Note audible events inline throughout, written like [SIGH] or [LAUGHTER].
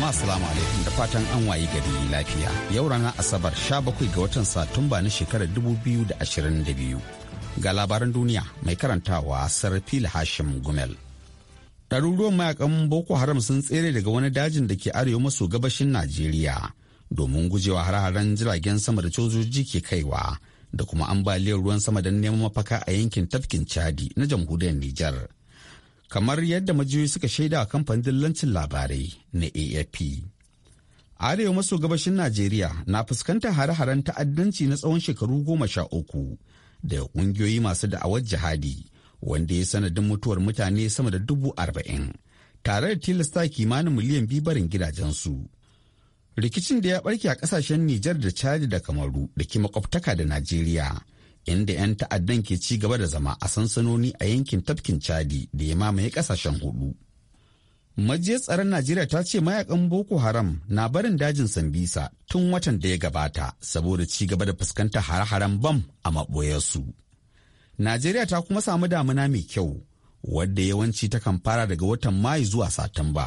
jama'a salamu alaikum da fatan an wayi gari lafiya yau ranar asabar 17 ga watan satumba na shekarar 2022 ga labaran duniya mai karantawa sarfil hashim gumel ɗaruruwan mayakan boko haram sun tsere daga wani dajin da ke arewa maso gabashin najeriya domin gujewa har-haren jiragen sama da cojoji ke kaiwa da kuma ambaliyar ruwan sama don neman mafaka a yankin tafkin chadi na jamhuriyar nijar kamar yadda majiyoyi suka shaida a kamfanin dillancin labarai na afp arewa maso gabashin najeriya na fuskantar hare-haren ta'addanci na tsawon shekaru goma sha uku da ƙungiyoyi masu da'awar jihadi wanda ya sanadin mutuwar mutane sama da dubu arba'in tare da tilasta kimanin miliyan biyu barin gidajensu rikicin da ya barke a kasashen nijar da chad da kamaru da ke makwabtaka da najeriya inda 'yan ta'addan ke ci gaba da zama a sansanoni a yankin tafkin chadi da ya mamaye kasashen hudu majiyar tsaron najeriya ta ce mayakan boko haram na barin dajin sambisa tun watan da ya gabata saboda ci gaba da fuskantar har haren bam a maboyarsu najeriya ta kuma samu damuna mai kyau wadda yawanci takan fara daga watan mayu zuwa satumba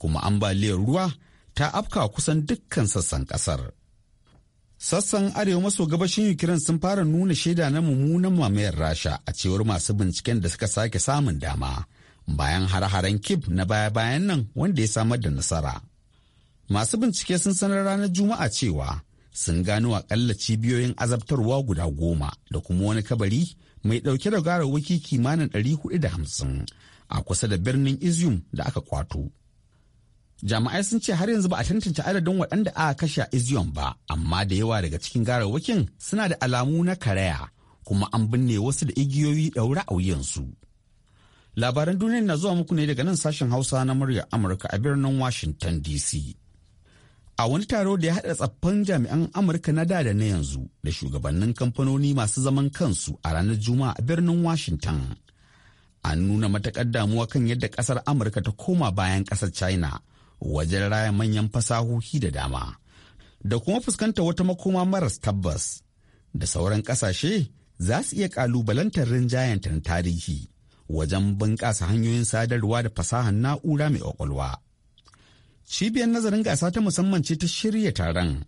kuma ambaliyar ruwa ta afka kusan dukkan sassan kasar Sassan arewa maso gabashin Ukraine sun fara nuna shaida na mummunan mamayar Rasha a cewar masu binciken da suka sake samun dama bayan hare-haren Kib na baya-bayan nan wanda ya samar da nasara. Masu bincike sun sanar ranar Juma'a cewa sun gano akalla cibiyoyin azabtarwa guda goma da kuma wani kabari mai ɗauke da garawaki kimanin 450 a kusa da birnin Izium da aka kwato. Jami'ai sun ce har yanzu ba a tantance adadin waɗanda aka kashe a Izion ba, amma da yawa daga cikin garawakin suna da alamu na karaya, kuma an binne wasu da igiyoyi daura a wuyansu. Labaran duniya na zuwa muku ne daga nan sashen Hausa na murya Amurka a birnin Washington DC. a wani taro da ya haɗa tsaffan jami'an amurka na da da na yanzu da shugabannin kamfanoni masu zaman kansu a ranar juma'a a birnin washington an nuna matakar damuwa kan yadda ƙasar amurka ta koma bayan ƙasar china wajen raya manyan fasahohi da dama da kuma fuskanta wata makoma maras tabbas da sauran ƙasashe za su iya ƙalubalantar ta na tarihi wajen bunƙasa hanyoyin sadarwa da fasahar na'ura mai ƙwaƙwalwa. Cibiyar nazarin gasa ta musamman ce ta shirya taron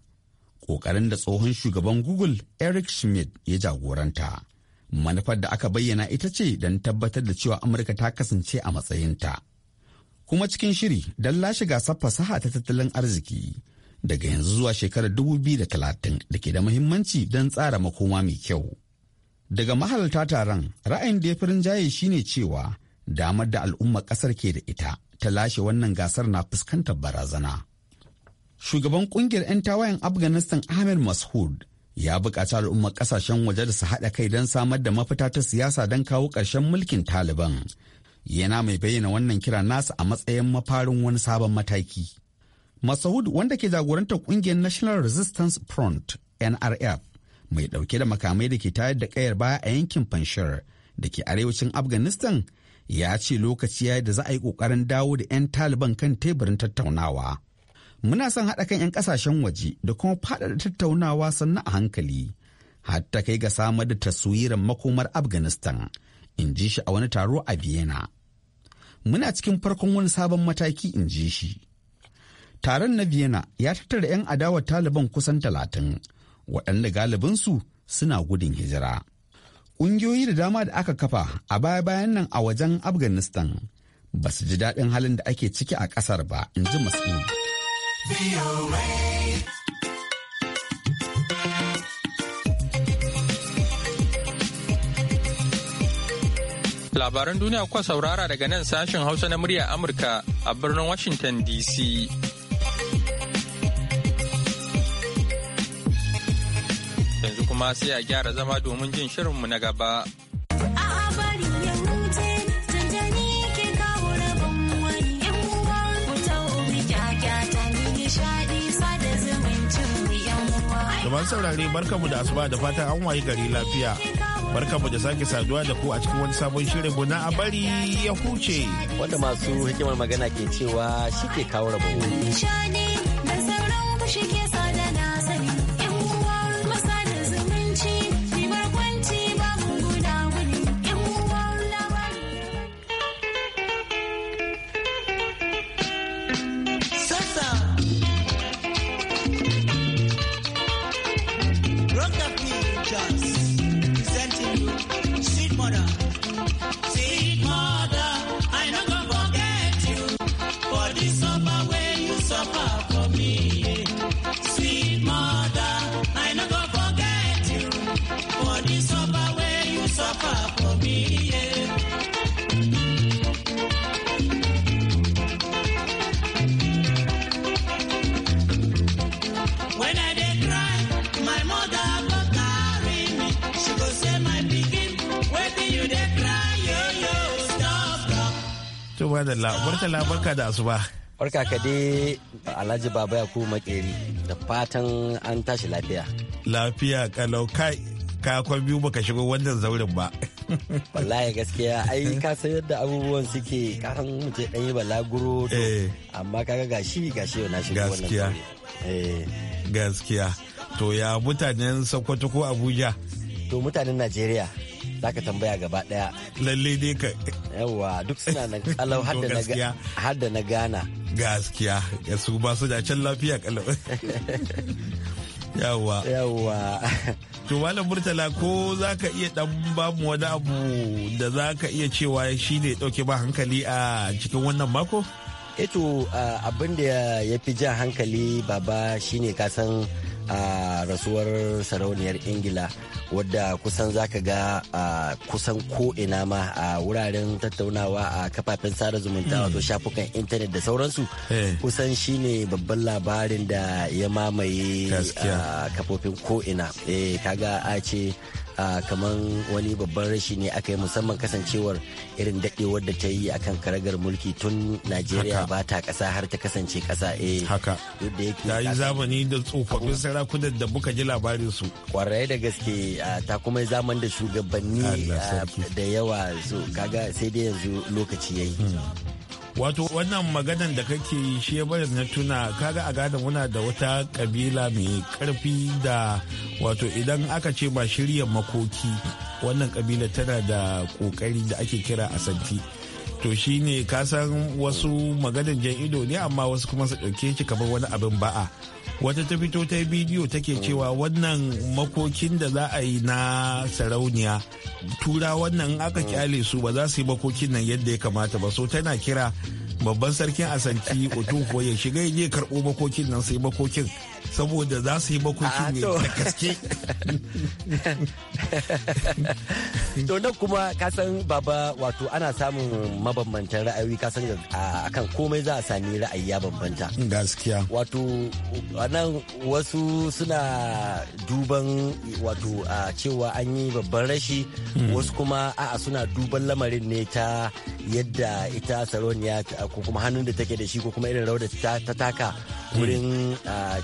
ƙoƙarin da tsohon shugaban Google Eric Schmidt ya jagoranta. Manufar da aka bayyana ita ce don tabbatar da cewa Amurka ta kasance a matsayinta kuma cikin shiri don lashe gasar fasaha ta tattalin arziki daga yanzu zuwa shekarar dubu biyu da talatin, ke da muhimmanci don tsara makoma mai kyau. Daga mahalarta taron ra'ayin da ya fi rinjaye ne cewa damar da al'umma ƙasar ke da ita ta lashe wannan gasar na fuskantar barazana. Shugaban ƙungiyar 'yan tawayen Afghanistan Ahmed Masood ya buƙaci al'ummar ƙasashen waje da su haɗa kai don samar da mafita ta siyasa don kawo ƙarshen mulkin Taliban yana mai bayyana wannan kira nasa a matsayin mafarin wani sabon mataki. Masahud wanda ke jagorantar kungiyar National Resistance Front NRF mai dauke da makamai da ke tayar da kayar baya a yankin Panshir da ke arewacin Afghanistan ya ce lokaci ya da za a yi kokarin dawo da 'yan Taliban kan teburin tattaunawa. Muna son haɗa kan 'yan ƙasashen waje da kuma faɗaɗa tattaunawa sannan a hankali. Hatta kai ga samar da taswirar makomar Afghanistan, in ji shi a wani taro a Vienna. muna cikin farkon wani sabon mataki in ji shi taron na vienna ya tattara 'yan adawa taliban kusan talatin waɗanda galibinsu suna gudun hijira ƙungiyoyi da dama da aka kafa a baya-bayan nan a wajen afghanistan ba su ji daɗin halin da ake ciki a ƙasar ba in ji masu Labaran duniya kuka saurara daga nan sashen Hausa na murya Amurka a birnin Washington DC. Yanzu kuma sai a gyara zama domin jin shirinmu na gaba. Kamar saurare barkamu da asuba da fatan an wayi gari lafiya. mu da sake saduwa da ku a cikin wani sabon shirin mu na a bari ya huce wanda masu hikimar magana ke cewa shi ke kawo rabo madalla murtala barka da asuba barka ka dai alhaji baba ya kuma makeri da fatan an tashi lafiya lafiya kalau kai ka kwan biyu baka shigo wannan zaurin ba [LAUGHS] wallahi gaskiya ai ka san yadda abubuwan suke kan mutum dan yi balaguro eh. amma kaga gashi gashi yau na shigo wannan gaskiya eh. gaskiya to ya mutanen sokoto ko abuja to mutanen najeriya za ka tambaya gaba daya lalle dai ka yawa duk suna nan kalau [LAUGHS] har da na gana gaskiya su ba su da can lafiya kalau [LAUGHS] yawa yawa to malam murtala ko za ka iya dan bamu wani abu da za ka iya cewa shi ne dauke ba hankali a cikin wannan mako eto eh abin da ya fi jan hankali baba shine kasan san a rasuwar sarauniyar ingila wadda kusan za ka ga kusan ko'ina ma a wuraren tattaunawa a kafafen sada zumunta hmm. wato shafukan intanet da sauransu eh. kusan shine babban labarin da ya mamaye kafofin ko'ina eh, kaga a ce kamar wani babban rashi ne aka yi musamman kasancewar irin daɗewar da ta yi a kan karagar mulki tun najeriya ba ta ƙasa har ta kasance ƙasa eh. haka yadda yake ta yi zamani da tsofaffin sarakunan da buka ji labarin su kwarai da gaske ta kuma yi zaman da shugabanni da yawa so kaga sai dai yanzu lokaci ya yayi hmm. wato wannan maganan da kake yi shi na tuna kaga a gada muna da wata kabila mai karfi da wato idan aka ce ba shirya makoki wannan kabila tana da kokari da ake kira asanti to shine ka san wasu maganin jan ido ne amma wasu kuma su ɗauke shi kamar wani abin ba'a wata ta fito ta bidiyo take cewa wannan makokin da za a yi na sarauniya tura wannan aka kyale su ba za su yi makokin nan yadda ya kamata ba so tana kira babban sarkin asanti otunko ya shiga ya je karɓo makokin nan sai makokin saboda za su yi makoki ne ah, da gaske [LAUGHS] to nan kuma kasan baba wato ana samun mabambantan ra'ayoyi kasan akan komai za a sami ra'ayi ya bambanta gaskiya wato nan wasu suna duban wato cewa an yi babban rashi hmm. wasu kuma a'a suna duban lamarin ne ta yadda ita saroniya ko kuma hannun da take da shi ko kuma irin rawar da ta taka wurin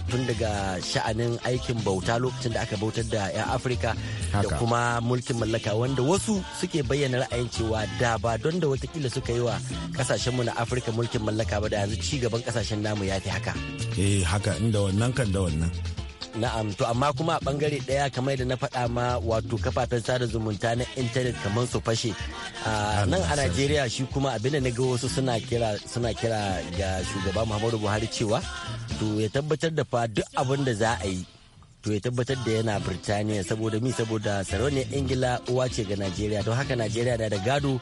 tun daga sha'anin aikin bauta lokacin da aka bautar da 'yan afirka da kuma mulkin mallaka wanda wasu suke bayyana ra'ayin cewa da ba don da watakila suka yi wa kasashenmu na afirka mulkin mallaka ba da yanzu ci gaban kasashen namu ya fi haka eh haka inda wannan kan da wannan na'am to amma kuma a bangare daya kamar da na faɗa ma wato kafafen sada zumunta na intanet kamar su fashe nan a najeriya shi kuma abin da na ga wasu suna kira suna kira ga shugaba muhammadu buhari cewa to ya tabbatar da fa duk abin da za a yi to ya tabbatar da yana birtaniya saboda mi saboda sarauniyar ingila uwa ce ga najeriya don haka najeriya da da gado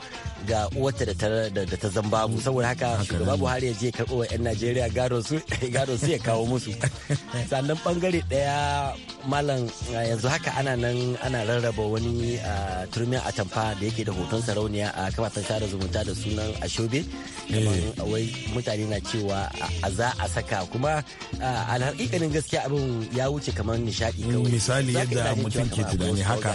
ga uwarta da ta zambabu saboda haka shugaba buhari ya je karɓo wa 'yan najeriya gado su [LAUGHS] ya kawo musu [LAUGHS] sannan bangare daya malam yanzu haka ana nan ana rarraba wani turmin atamfa da yake da hoton sarauniya a kafafen sada zumunta da sunan ashobe eh. wai mutane na cewa a za a saka kuma alhakikanin gaskiya abin ya wuce kamar nishadi kawai misali yadda mutum ke tunani haka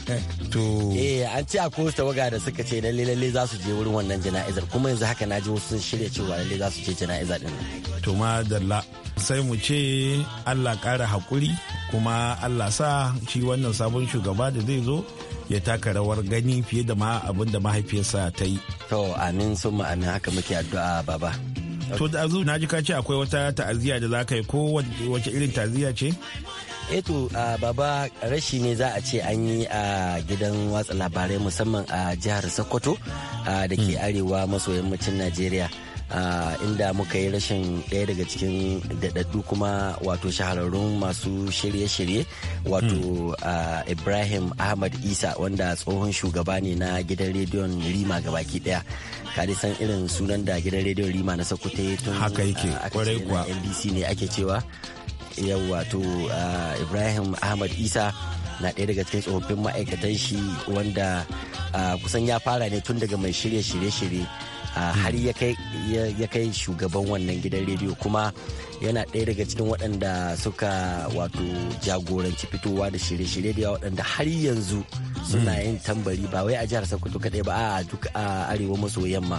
[LAUGHS] to eh an ce akwai wasu tawaga da suka ce lalle lalle za su je wurin wannan jana'izar kuma yanzu haka na ji wasu sun shirya cewa lalle za su je jana'izar. din to ma dalla sai mu ce Allah ƙara hakuri kuma Allah sa shi wannan sabon shugaba da zai zo ya taka rawar gani fiye da ma abin da mahaifiyarsa ta yi to amin sun amin haka muke addu'a baba To da azu na ji ka ce akwai wata ta'aziyya da za ka yi ko wace irin ta'aziyya ce? eto eh to baba rashi ne za a ce an yi a gidan watsa labarai musamman a jihar sokoto da ke hmm. arewa maso yammacin najeriya inda muka yi rashin ɗaya daga cikin daɗaɗɗu kuma wato shahararrun masu shirye-shirye wato hmm. ibrahim ahmad isa wanda tsohon shugaba ne na gidan rediyon rima gabaki ɗaya kare san irin sunan da gidan rediyon rima na sokoto tun haka yake ndc ne ake cewa yau wato ibrahim ahmad isa na ɗaya daga cikin tsofaffin ma'aikatan shi wanda kusan ya fara ne tun daga mai shirye shirye-shirye har ya kai shugaban wannan gidan rediyo kuma yana ɗaya daga cikin waɗanda suka wato jagoranci fitowa da shirye-shirye da waɗanda har yanzu suna hmm. yin tambari ba wai a jihar sokoto kaɗai ba a duk a arewa maso yamma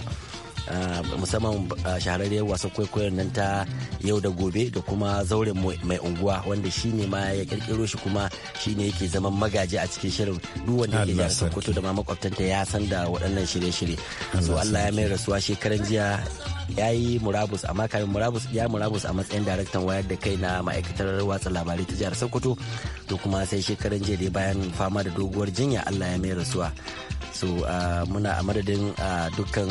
Ah, musamman ah, shahararriyar wasan kwaikwayon nan ta yau da gobe da kuma zauren mai unguwa wanda shi ne ma ya kirkiro shi kuma shi ne yake zaman magaji a cikin shirin duk wanda yake jihar sokoto da ma makwabtanta ya san da waɗannan shirye-shirye so allah ya mai rasuwa shekaran jiya ya yi murabus amma kamin murabus ya murabus a matsayin daraktan wayar da kai na ma'aikatar watsa labarai ta jihar sokoto to kuma sai shekaran jiya da bayan fama da doguwar jinya allah ya mai rasuwa so ah, muna a madadin ah, dukkan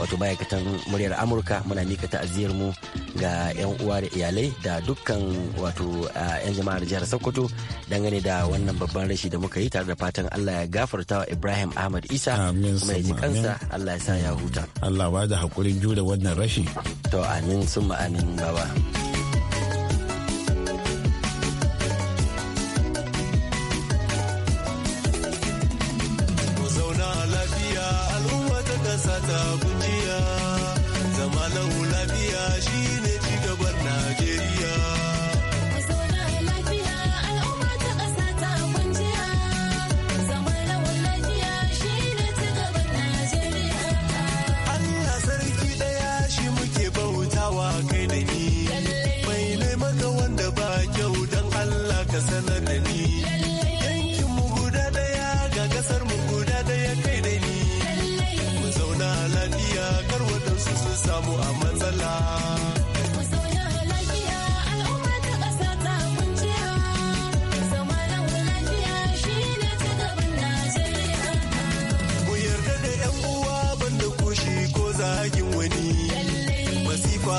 wato ma'aikatan muryar amurka muna mika ta'aziyar mu ga 'yan uwa da iyalai da dukkan wato ah, 'yan jama'ar jihar sokoto dangane da wannan babban rashi da muka yi tare da fatan allah ya gafarta wa ibrahim ahmad isa mai ji kansa allah ya sa ya huta allah ba da hakurin jure wannan rashi to amin sun ma'anin baba.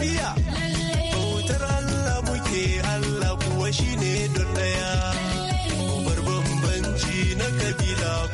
lafiya bautar Allah muke Allah kuwa shine don daya bar bambanci na kabila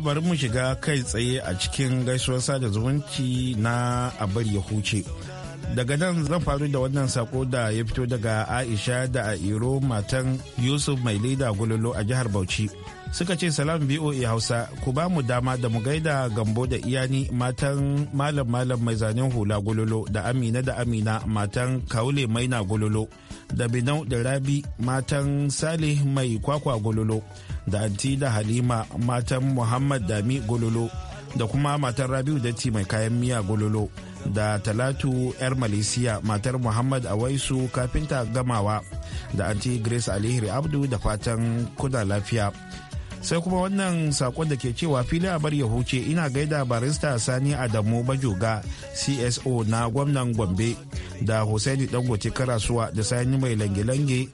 bari mu shiga kai tsaye a cikin gaisuwar sada zumunci na a bari ya huce. Daga nan zan faru da wannan sako da ya fito daga Aisha da Airo matan Yusuf mai leda gololo a jihar Bauchi. Suka ce salam BOA Hausa ku ba mu dama da mu gaida gambo da iyani matan malam malam mai zanen hula gulolo da Amina da Amina matan kaule maina gulolo da binau da rabi matan salih mai kwakwa gololo da anti da halima matan muhammad dami gololo da kuma matan rabiu datti mai kayan miya gololo da talatu yar malaysia matar muhammad awaisu kafinta gamawa da anti grace alihiri abdu da fatan kuna lafiya sai kuma wannan sakon da ke cewa fili a bar ya huce ina gaida barista sani adamu bajoga cso na gwamnan gombe da husaini dangote karasuwa da sani mai lange-lange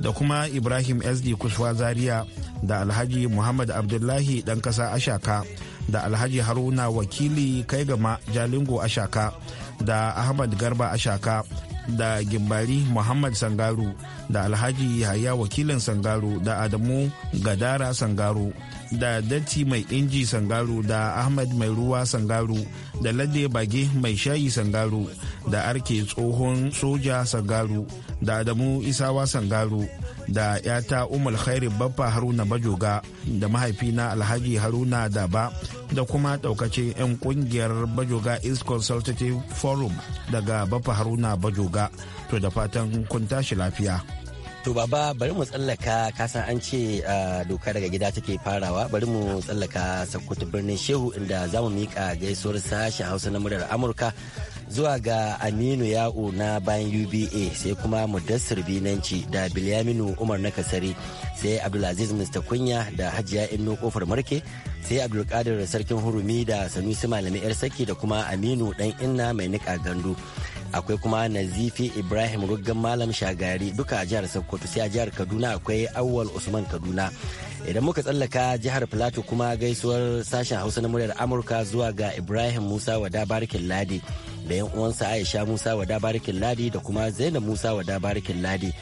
da kuma ibrahim sd kuswa zaria da alhaji muhammad abdullahi dan kasa ashaka da alhaji haruna wakili kai gama jalingo ashaka da ahmad garba ashaka da gimbari muhammad sangaru da alhaji yahaya wakilin sangaru da adamu gadara sangaru da datti mai inji sangaru da ahmad mai ruwa sangaru da lade bage mai shayi sangaru da arke tsohon soja sangaru da adamu isawa sangaru da yata umar khairi baffa haruna bajoga da mahaifina alhaji haruna daba da kuma daukace 'yan kungiyar bajoga east consultative forum daga baffa haruna bajoga to da fatan kun tashi lafiya to baba bari mu tsallaka kasan an ce doka daga gida take farawa bari mu tsallaka sakkwato birnin shehu inda za mu miƙa gaisuwar sashen hausa na muryar amurka zuwa ga aminu ya'u na bayan uba sai kuma mudassir binanci da bilyaminu umar na kasari sai abdulaziz mr kunya da hajiya inno kofar marke sai abdulkadir sarkin hurumi da sanusi malami yar saki da kuma aminu dan inna mai nika gandu akwai kuma nazifi ibrahim ruggan malam shagari duka a jihar sokoto sai a jihar kaduna akwai awwal usman kaduna idan muka tsallaka jihar plateau kuma gaisuwar sashen hausa na muryar amurka zuwa ga ibrahim musa wada barikin ladi da yan uwansa aisha musa wada barikin ladi da kuma zainab musa wada barikin ladi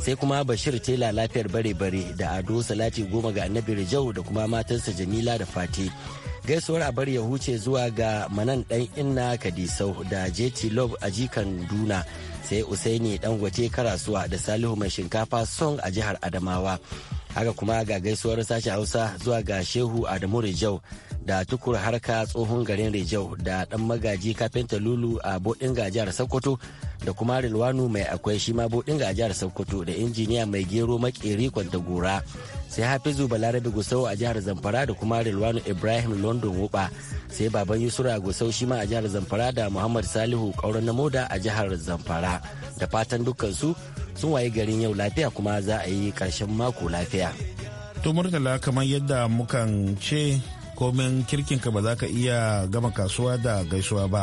sai kuma bashir tela lafiyar bare-bare da ado salati goma ga annabi rijau da kuma matansa jamila da fati gaisuwar a bari ya huce zuwa ga manan dan inna kadisau da jeti love a jikan duna sai usaini dan gwate karasuwa da salihu mai shinkafa song a jihar adamawa haka kuma ga gaisuwar sashi hausa zuwa ga shehu adamu rijau da tukur harka tsohon garin rijau da dan magaji kafinta Lulu a bodin gajiyar Sokoto da kuma Rilwanu mai akwai shi ma bodin gajiyar Sokoto da injiniya mai gero makeri kwanta gora sai Hafizu Balarabe Gusau a jihar Zamfara da kuma Rilwanu Ibrahim London Wuba sai baban Yusura Gusau shi ma a jihar Zamfara da Muhammad Salihu Kauran Namoda a jihar Zamfara da fatan dukkan su sun wayi garin yau lafiya kuma za a yi karshen mako lafiya. To Murtala kamar yadda mukan ce komin kirkinka ba za ka iya gama kasuwa da gaisuwa ba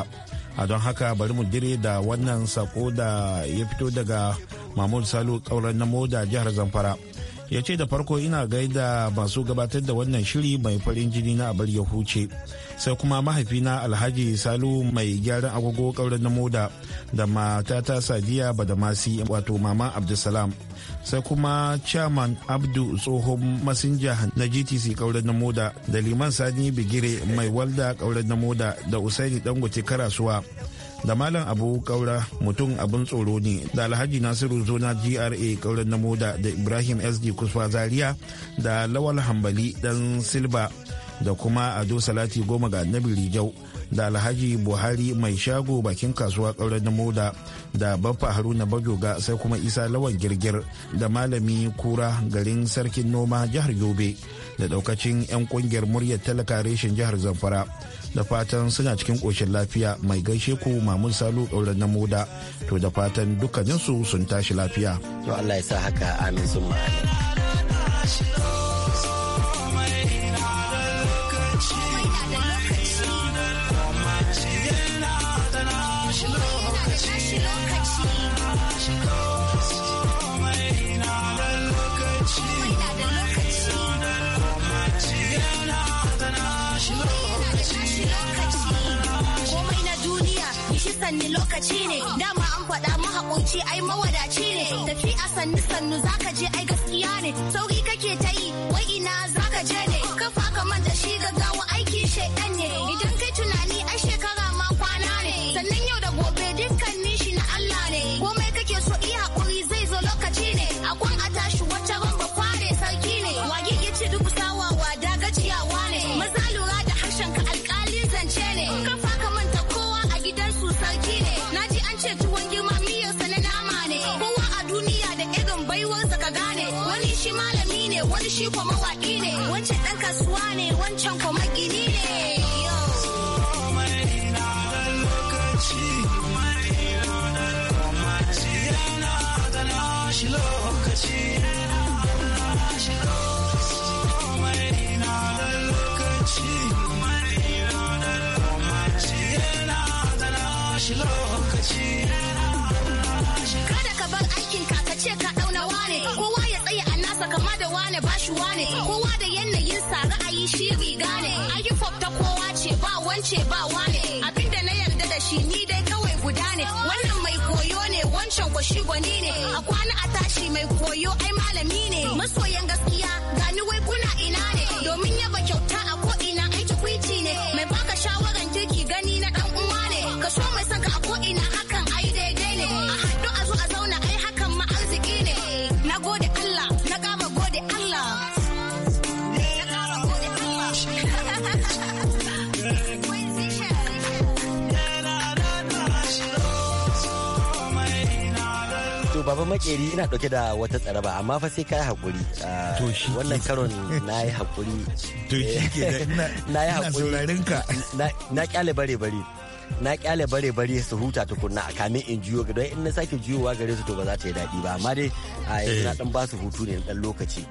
a don haka bari mu dire da wannan sako da ya fito daga mahmud salu kauran na moda jihar zamfara ya ce da farko ina gaida masu gabatar da wannan shiri mai farin jini na abar ya huce sai kuma mahaifina alhaji salu mai gyaran agogo kauren na moda da matata sadiya badamasi wato mama abdulsalam sai kuma chairman abdu tsohon masinja na gtc kauren na moda da liman sani bigire mai walda kauren na moda da usaini dangote karasuwa da malam abu kaura mutum abin tsoro ne da alhaji nasiru zona gra kauren namoda da ibrahim sd kusfa zaria da lawal hambali dan silba da kuma ado salati goma ga annabi rijau da alhaji buhari mai shago bakin kasuwa ƙauren na moda da baffa haruna bajoga sai kuma isa lawan girgir da malami kura garin sarkin noma jihar yobe da daukacin 'yan kungiyar muryar talaka reshen jihar zamfara da fatan suna cikin ƙoshin lafiya mai gaishe ku mamun salu ɗauren na moda to da fatan dukkaninsu sun tashi lafiya to allah ya sa haka amin sun ma'ana sanni lokaci ne dama an faɗa mahaƙunci ai mawadaci ne tafi a sanni sannu zaka je ai gaskiya ne sauri kake ta yi wai ina zaka je ne kafa ka manta shi gaggawa aiki shaidan ne idan Put my life wannan mai koyo ne wancan ko shi gwani ne a kwana a tashi mai koyo ai malami ne masoyan gaskiya gani wai kuna ina ne baba makeri ina dauke da wata tsaraba amma fa sai kai hakuri ah, wannan karon [LAUGHS] na yi hakuri to shi eh, [LAUGHS] na yi hakuri na kyale bare bare na kyale bare bare su huta tukunna a kamin in juyo don in na sake juyowa gare su to ba za ta yi daɗi ba amma dai a ah, yanzu eh. na dan ba su hutu ne dan lokaci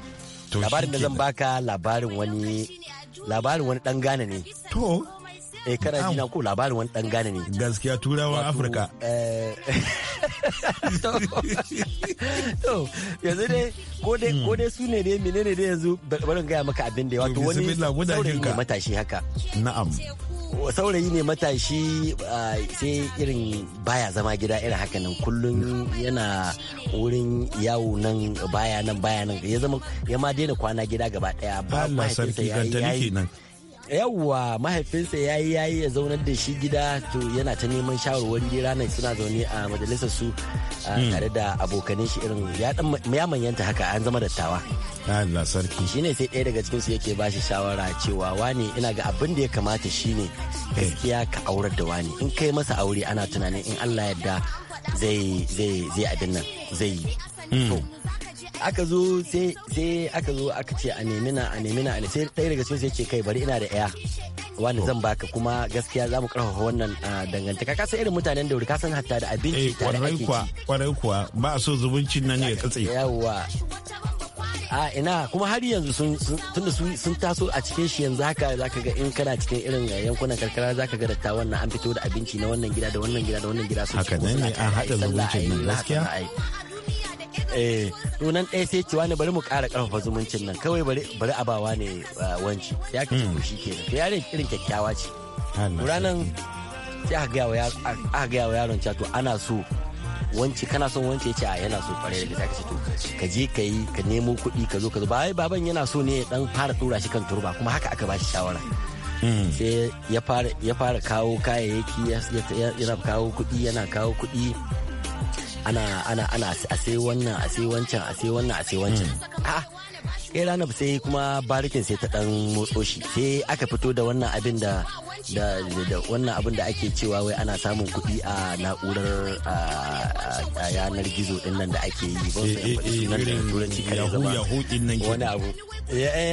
labarin da zan baka labarin wani labarin wani dan gane ne to eh kana ji na ko labarin wani dan gane ne gaskiya turawa afirka eh, [LAUGHS] to yanzu dai ko dai ko dai su ne dai menene dai yanzu barin gaya maka abin da wato wani saurayi ne matashi haka na'am saurayi ne matashi ah, sai irin baya zama gida irin haka nan kullun yana wurin yawo nan baya nan baya nan ya zama ya ma daina kwana gida gaba daya ba mahaifinsa ya yi yawwa mahaifinsa ya yi yayi ya zaunar da shi gida to yana ta neman shawarwari ranar suna zaune a majalisar su hmm. tare da abokanin shi irin ya manyanta haka an zama dattawa Allah sarki shine sai ɗaya daga su yake bashi shawara cewa wane ina ga abin da ya kamata shine eh. gaskiya ka aurar da wani in kai masa aure ana tunanin in Allah yadda zai zai zai zai yi hmm. aka zo sai aka zo aka ce a nemi na a nemi na sai ɗaya daga cikin sai ce kai bari ina da ɗaya wanda zan baka kuma gaskiya za mu karfafa wannan dangantaka ka san irin mutanen da ka san hatta da abinci eh, tare ake ci kwarai kuwa ba a so zumuncin nan ya katse yawa a ina kuma har yanzu sun tunda sun taso a cikin shi yanzu haka zaka ga in kana cikin irin yankunan karkara zaka ga datta wannan an fito da abinci na wannan gida da wannan gida da wannan gida su haka ne an hada zumuncin nan gaskiya eh sunan ɗaya sai cewa ne bari mu ƙara ƙarfafa zumuncin nan kawai bari abawa ne wanci ya kace ko shi kenan to irin kyakkyawa ce ranan sai aka gaya wa yaron cato ana so wanci kana son wanci ya ce a yana so kwarai da gaske to ka je ka yi ka nemo kuɗi ka zo ka zo ba ai baban yana so ne ya dan fara tura shi kan turba kuma haka aka ba shi shawara hmm. sai ya fara kawo kayayyaki yana kawo kuɗi yana kawo kuɗi ana ana ana a sai wannan a sai wancan a sai wannan a sai wancan mm. a ranar sai kuma barikin sai ta dan motso shi sai aka fito da wannan abin da da wannan abin da ake cewa wai ana samun kuɗi a na'urar a yanar gizo din nan da ake yi eh, ba su yan faɗi sunan da turanci wani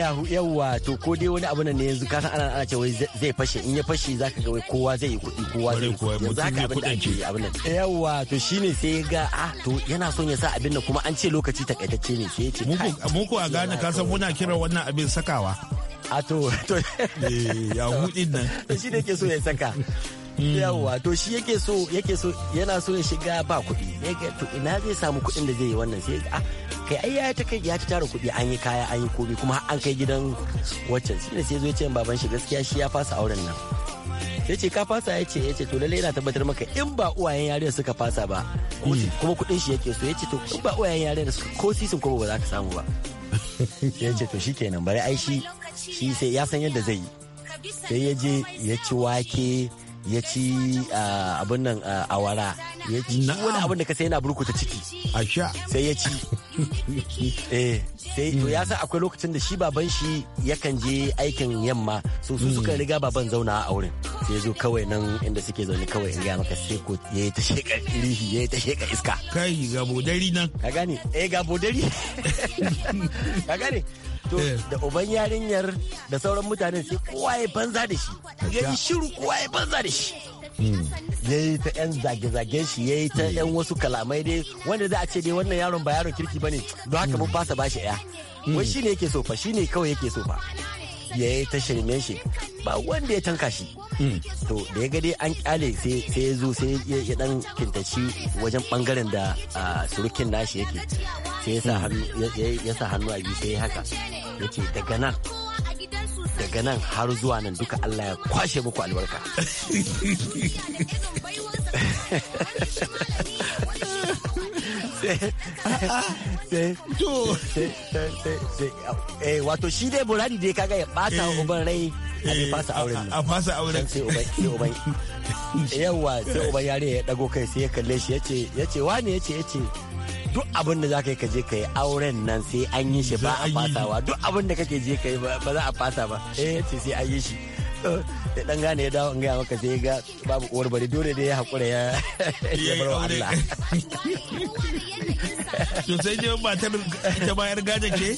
abu yawwa eh, to ko dai wani abu nan ne yanzu ka san ana ana cewa zai fashe in ya fashe zaka ga wai kowa zai yi kuɗi kowa zai yi kuɗi yanzu abin da ake yi abin nan yawwa to shine sai ga ah to yana son ya sa abin nan kuma an ce lokaci takaitacce ne sai ya ce mu ko a gane ka san muna kira wannan abin sakawa a to to eh, ya hudin nan shi ne ke so ya saka hmm. yawwa to shi yake so yake so yana so ya shiga ba kuɗi yake to ina zai samu kuɗin da zai yi wannan sai a ah, kai ai ya ta kai ya ta tara kuɗi an yi kaya an yi komai kuma an kai gidan waccan shi ne sai zo ce baban shi gaskiya shi ya fasa auren nan ya ce ka fasa ya ce ya ce to lallai yana tabbatar maka in ba uwayen yaren suka fasa ba hmm. kuma kuɗin shi yake so ya ce to in ba uwayen da suka ko sisin kuma ba za ka samu ba [LAUGHS] ya ce to shikenan bari ai shi shi sai ya san yadda zai yi sai ya je ya ci wake ya ci abin nan awara ya ci wani abin da ka sai yana burkuta ciki sai ya ci eh sai to ya san akwai lokacin da shi baban shi yakan je aikin yamma so su suka riga baban zauna a wurin sai zo kawai nan inda suke zaune kawai in ga maka sai ko ya yi ta sheka rihi ya yi ta sheka iska kai ga bodari nan ka gane eh ga bodari ka gane to eh. da uban yarinyar da sauran mutanen sai kowa ya banza da shi ya shiru kowa ya banza da shi Hmm. ya yi ta yan zage-zagen shi ya yi ta hmm. yan wasu kalamai dai wanda za a ce dai wannan yaron ba yaron kirki ba ne don haka mun hmm. fasa bashi ya wai shi ne yake sofa shi ne kawai yake sofa ya yi ta shirme shi ba wanda ya tanka shi to da ya dai an kyale sai ya zo sai ya dan kintaci wajen bangaren da surukin nashi yake sai ya sa hannu a biyu sai ya haka ya daga nan daga nan har zuwa nan duka Allah ya kwashe muku albarka. Eh, wato shi dai burani dai kaga ya bata wa uban rai a fasa auren a fasa auren sai uban sai uban yawa sai uban yare ya dago kai sai ya kalle shi yace yace wani ya ce. duk abin da za ka yi ka je ka yi auren nan sai an yi shi ba a fasawa duk abin da kake je ka yi ba za a fasa ba eh sai an yi shi da dan gane ya dawo in gaya maka sai ga babu uwar bari dole dai ya hakura [LAUGHS] ya bar Allah. [LAUGHS] To sai je matar ita bayar gaje ke?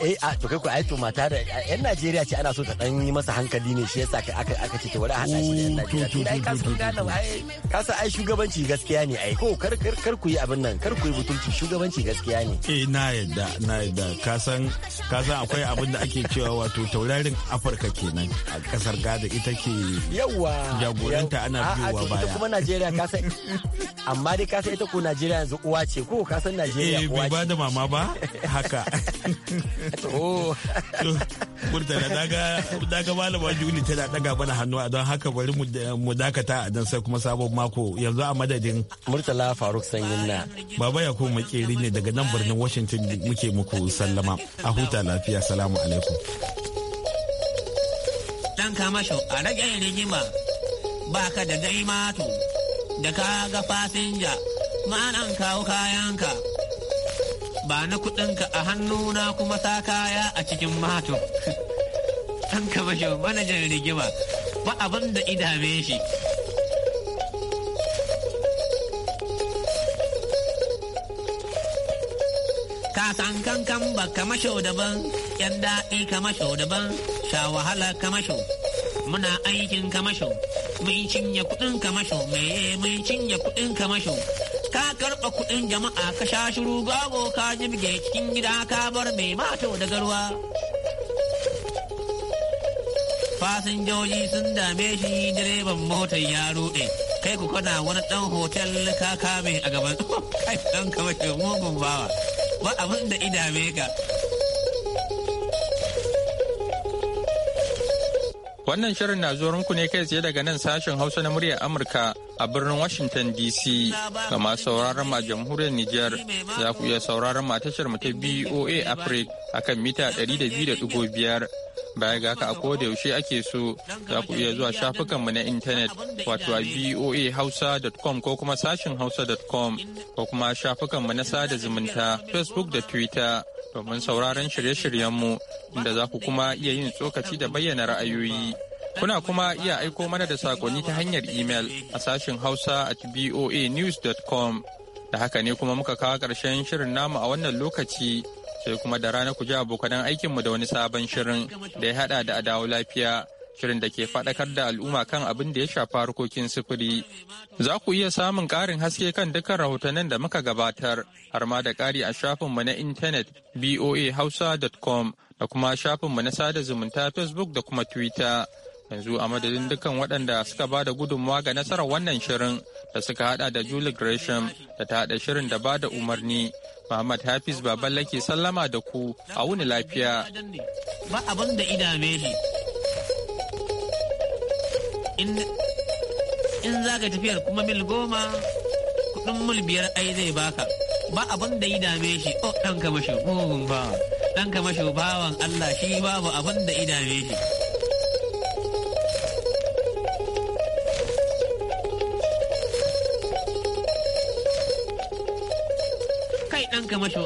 Eh a to kai ku ai to mata da yan Najeriya ce ana so ta dan yi masa hankali ne shi yasa aka aka ce ta wani hada shi da yan Najeriya. Ai kasu gane ai kasa ai shugabanci gaskiya ne ai ko kar kar kar ku yi abin nan kar ku yi butulci shugabanci gaskiya ne. Eh na yadda na yadda kasan san akwai abin da ake cewa wato taurarin Afirka kenan a kasar riga da ita ke yawa jagoranta ana biyowa baya. Ita kuma Najeriya ka san [LAUGHS] amma dai ka san ita ko Najeriya yanzu uwa ce ko ka san Najeriya eh, uwa ce. Eh bai ba da mama ba haka. [LAUGHS] To Murtala daga daga malama Juli tana daga mana hannu a don haka bari mu dakata a don sai kuma sabon mako yanzu a madadin Murtala Faruk Sanyin na. Baba ya kuma makeri ne daga nan birnin Washington muke muku sallama a huta lafiya salamu alaikum. kama shi a rage rigima ba ka da matu da ka ga fasinja ma'anan kawo kayanka ba na kudinka a hannuna kuma sa kaya a cikin matu [LAUGHS] an kama shi manajan rigima ba abin da idame shi san kankan ba kama shau daban yan daɗi kama shau daban sha wahala kama shau muna aikin kama shau mun cinye kuɗin kama shau me mun cinye kuɗin kama shau ka karɓa kuɗin jama'a ka sha shiru gago ka jibge cikin gida ka bar mai mato da garwa fasinjoji sun dame shi direban motar ya ruɗe kai ku kana wani ɗan hotel ka kame a gaban [LAUGHS] kai ɗan kama mugun bawa ba abin da idame ka Wannan shirin na zuwa ne kai tsaye daga nan sashen Hausa na muryar Amurka a birnin Washington DC. Ga masu sauraron ma jamhuriyar Nijar za ku iya sauraron ma tashar mu ta BOA Africa akan mita 200.5 Baya ga haka a yaushe ake so za ku iya zuwa shafukanmu na intanet wato a voahausa.com ko kuma sashin hausa.com ko kuma shafukanmu na sada zumunta Facebook da Twitter domin sauraron shirye-shiryenmu inda za ku kuma iya yin tsokaci da bayyana ra'ayoyi. Kuna kuma iya aiko mana da sakonni ta hanyar imel a sashin hausa at voanews.com. Da haka ne kuma muka kawo ƙarshen shirin namu a wannan lokaci. sai kuma da rana ku ji abokanan aikinmu da wani sabon shirin da ya hada da adawo lafiya shirin da ke faɗakar da al'umma kan abin da ya shafa harkokin sufuri. Za ku iya samun ƙarin haske kan dukkan rahotannin da muka gabatar, har ma da ƙari a shafinmu na intanet hausa.com da kuma shafinmu na sada zumunta Facebook da kuma Twitter. yanzu a madadin dukkan waɗanda suka ba da gudunmawa ga nasarar wannan shirin da suka hada da Julie Gresham da ta hada shirin da ba da umarni Muhammad Hafiz Baballe lake sallama da ku a wuni lafiya. Ba abin da idame shi. In za ka tafiyar kuma mil goma kudin mil biyar ai zai baka. Ba abin da idame shi o oh, ɗan kamashin mugun ba! Ɗan kamashin bawan Allah shi babu abin da idame shi. gamashau